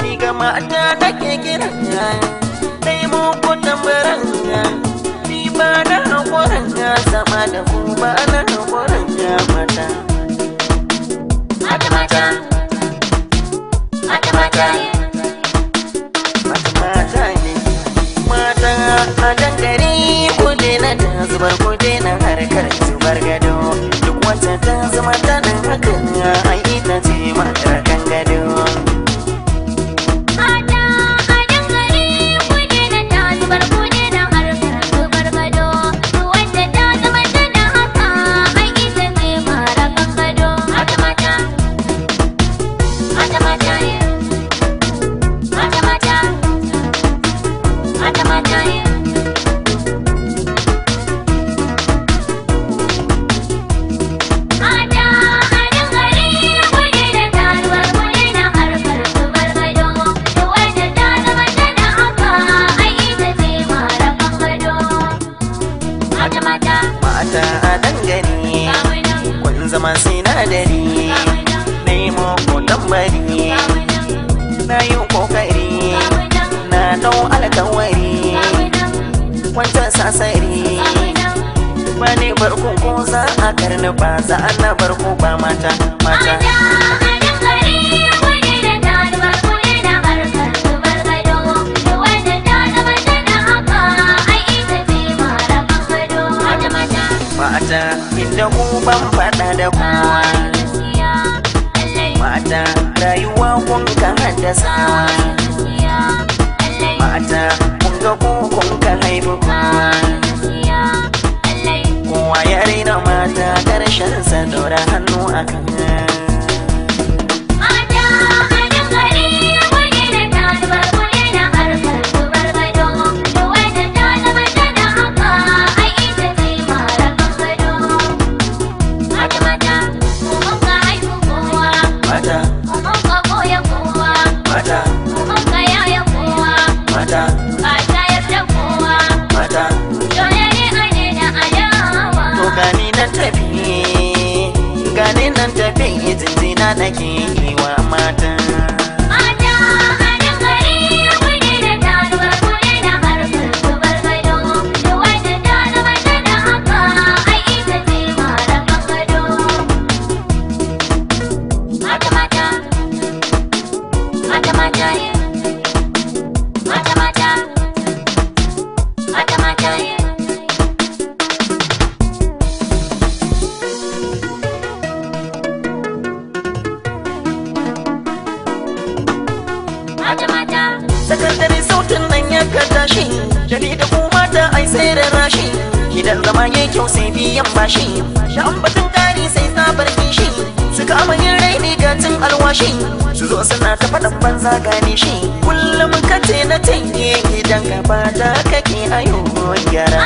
Diga mata nake kira dai mu kunna baran ni ba na hakuran ya zama da mu ba na hakuran ya mata. Mata mata, mata mata, mata mata ne, mata a dangare ku dena da zubar ku na harkar zubar gado. ta zama ta da hakan ya ai zama sinadari na yi muku tambari na yi kokari na dau alkawari wancan sasari ba ne barku ko za a karni ba za a na barku ba mata mata ban faɗa da kowa mata rayuwa kun ka haddasa mata kun ga kun ka haifi kowa kowa ya raina mata ƙarshen sa ɗora hannu akan na yi sakandare sautin nan ya kata shi jari da kuma ta ai sai da rashi gidan zama ya kyau sai biyan bashi da batun kari sai sabar kishi su kama yin rai ne gatin alwashi su zo suna ta faɗan banza gane shi kullum ka ce na tanye idan ka ba kake ayo gara